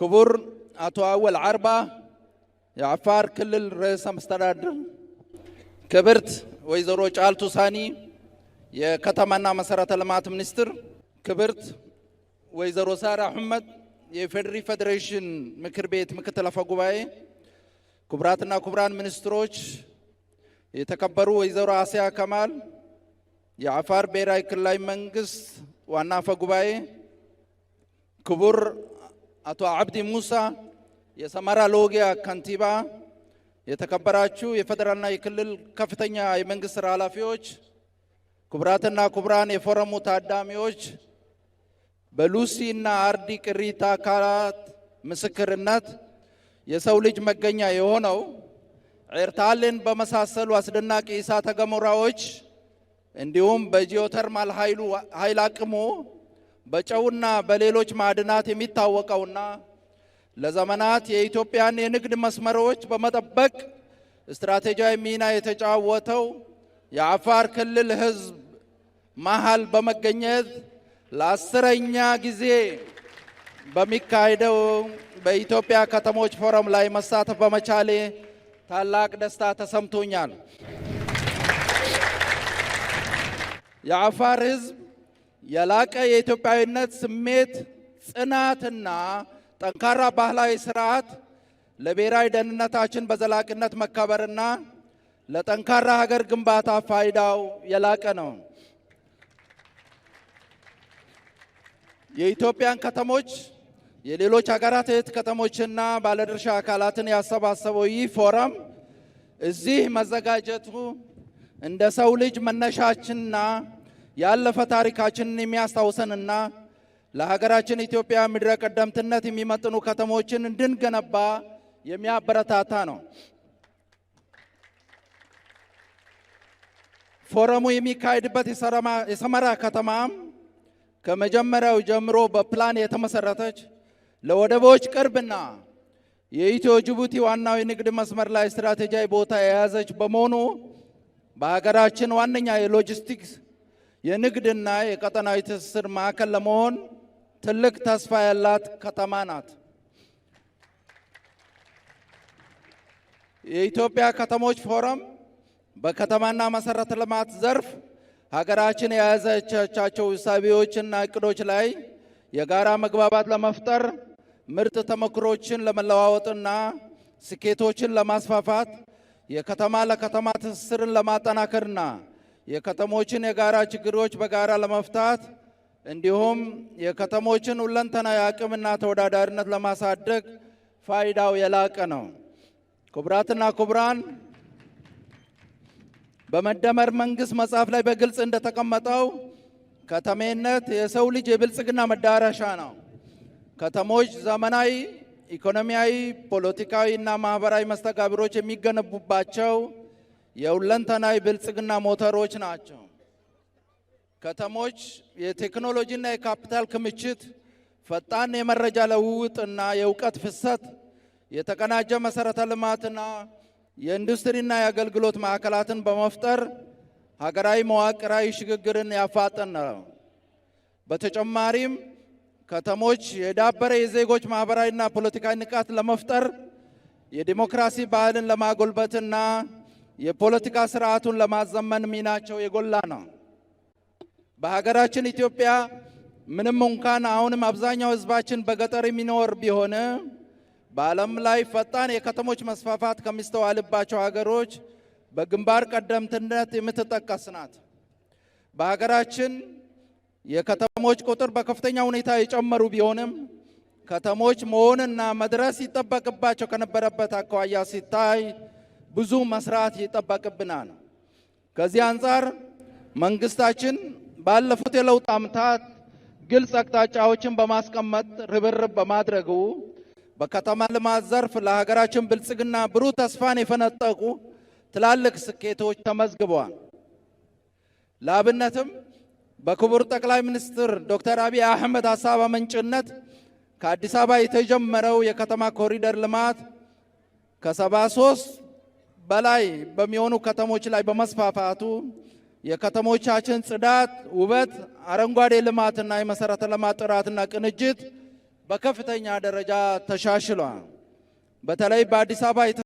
ክቡር አቶ አወል አርባ የአፋር ክልል ርዕሰ መስተዳድር፣ ክብርት ወይዘሮ ጫልቱ ሳኒ የከተማና መሰረተ ልማት ሚኒስትር፣ ክብርት ወይዘሮ ሳራ አሕመድ የፌዴሪ ፌዴሬሽን ምክር ቤት ምክትል አፈ ጉባኤ፣ ክቡራትና ክቡራን ሚኒስትሮች፣ የተከበሩ ወይዘሮ አሲያ ከማል የአፋር ብሔራዊ ክልላዊ መንግስት ዋና አፈ ጉባኤ፣ ክቡር አቶ አብዲ ሙሳ የሰመራ ሎጊያ ከንቲባ፣ የተከበራችሁ የፌዴራልና የክልል ከፍተኛ የመንግስት ስራ ኃላፊዎች፣ ክቡራትና ክቡራን የፎረሙ ታዳሚዎች በሉሲ እና አርዲ ቅሪተ አካላት ምስክርነት የሰው ልጅ መገኛ የሆነው ኤርታሌን በመሳሰሉ አስደናቂ እሳተ ገሞራዎች እንዲሁም በጂኦተርማል ኃይል አቅሙ በጨውና በሌሎች ማዕድናት የሚታወቀውና ለዘመናት የኢትዮጵያን የንግድ መስመሮች በመጠበቅ ስትራቴጂያዊ ሚና የተጫወተው የአፋር ክልል ሕዝብ መሃል በመገኘት ለአስረኛ ጊዜ በሚካሄደው በኢትዮጵያ ከተሞች ፎረም ላይ መሳተፍ በመቻሌ ታላቅ ደስታ ተሰምቶኛል። የአፋር ሕዝብ የላቀ የኢትዮጵያዊነት ስሜት ጽናትና ጠንካራ ባህላዊ ስርዓት ለብሔራዊ ደህንነታችን በዘላቂነት መከበርና ለጠንካራ ሀገር ግንባታ ፋይዳው የላቀ ነው። የኢትዮጵያን ከተሞች የሌሎች ሀገራት እህት ከተሞችና ባለድርሻ አካላትን ያሰባሰበው ይህ ፎረም እዚህ መዘጋጀቱ እንደ ሰው ልጅ መነሻችንና ያለፈ ታሪካችንን የሚያስታውሰንና ለሀገራችን ኢትዮጵያ ምድረ ቀደምትነት የሚመጥኑ ከተሞችን እንድንገነባ የሚያበረታታ ነው። ፎረሙ የሚካሄድበት የሰመራ ከተማም ከመጀመሪያው ጀምሮ በፕላን የተመሰረተች ለወደቦች ቅርብና የኢትዮ ጅቡቲ ዋናው የንግድ መስመር ላይ ስትራቴጂያዊ ቦታ የያዘች በመሆኑ በሀገራችን ዋነኛ የሎጂስቲክስ የንግድና የቀጠናዊ ትስስር ማዕከል ለመሆን ትልቅ ተስፋ ያላት ከተማ ናት። የኢትዮጵያ ከተሞች ፎረም በከተማና መሰረተ ልማት ዘርፍ ሀገራችን የያዘቻቸው እሳቤዎችና እቅዶች ላይ የጋራ መግባባት ለመፍጠር ምርጥ ተሞክሮችን ለመለዋወጥና ስኬቶችን ለማስፋፋት የከተማ ለከተማ ትስስርን ለማጠናከርና የከተሞችን የጋራ ችግሮች በጋራ ለመፍታት እንዲሁም የከተሞችን ሁለንተናዊ የአቅምና ተወዳዳሪነት ለማሳደግ ፋይዳው የላቀ ነው። ክቡራትና ክቡራን፣ በመደመር መንግስት መጽሐፍ ላይ በግልጽ እንደተቀመጠው ከተሜነት የሰው ልጅ የብልጽግና መዳረሻ ነው። ከተሞች ዘመናዊ ኢኮኖሚያዊ፣ ፖለቲካዊ እና ማህበራዊ መስተጋብሮች የሚገነቡባቸው የሁለንተናዊ ብልጽግና ሞተሮች ናቸው። ከተሞች የቴክኖሎጂና የካፒታል ክምችት፣ ፈጣን የመረጃ ለውጥና የእውቀት ፍሰት፣ የተቀናጀ መሰረተ ልማትና የኢንዱስትሪና የአገልግሎት ማዕከላትን በመፍጠር ሀገራዊ መዋቅራዊ ሽግግርን ያፋጥን ነው። በተጨማሪም ከተሞች የዳበረ የዜጎች ማኅበራዊና ፖለቲካዊ ንቃት ለመፍጠር የዲሞክራሲ ባህልን ለማጎልበትና የፖለቲካ ስርዓቱን ለማዘመን ሚናቸው የጎላ ነው። በሀገራችን ኢትዮጵያ ምንም እንኳን አሁንም አብዛኛው ህዝባችን በገጠር የሚኖር ቢሆን በዓለም ላይ ፈጣን የከተሞች መስፋፋት ከሚስተዋልባቸው ሀገሮች በግንባር ቀደምትነት የምትጠቀስ ናት። በሀገራችን የከተሞች ቁጥር በከፍተኛ ሁኔታ የጨመሩ ቢሆንም ከተሞች መሆንና መድረስ ይጠበቅባቸው ከነበረበት አኳያ ሲታይ ብዙ መስራት ይጠበቅብናል። ከዚህ አንጻር መንግስታችን ባለፉት የለውጥ ዓመታት ግልጽ አቅጣጫዎችን በማስቀመጥ ርብርብ በማድረጉ በከተማ ልማት ዘርፍ ለሀገራችን ብልጽግና ብሩህ ተስፋን የፈነጠቁ ትላልቅ ስኬቶች ተመዝግበዋል። ለአብነትም በክቡር ጠቅላይ ሚኒስትር ዶክተር አብይ አህመድ ሀሳብ አመንጭነት ከአዲስ አበባ የተጀመረው የከተማ ኮሪደር ልማት ከ73 በላይ በሚሆኑ ከተሞች ላይ በመስፋፋቱ የከተሞቻችን ጽዳት፣ ውበት፣ አረንጓዴ ልማትና የመሰረተ ልማት ጥራትና ቅንጅት በከፍተኛ ደረጃ ተሻሽሏል። በተለይ በአዲስ አበባ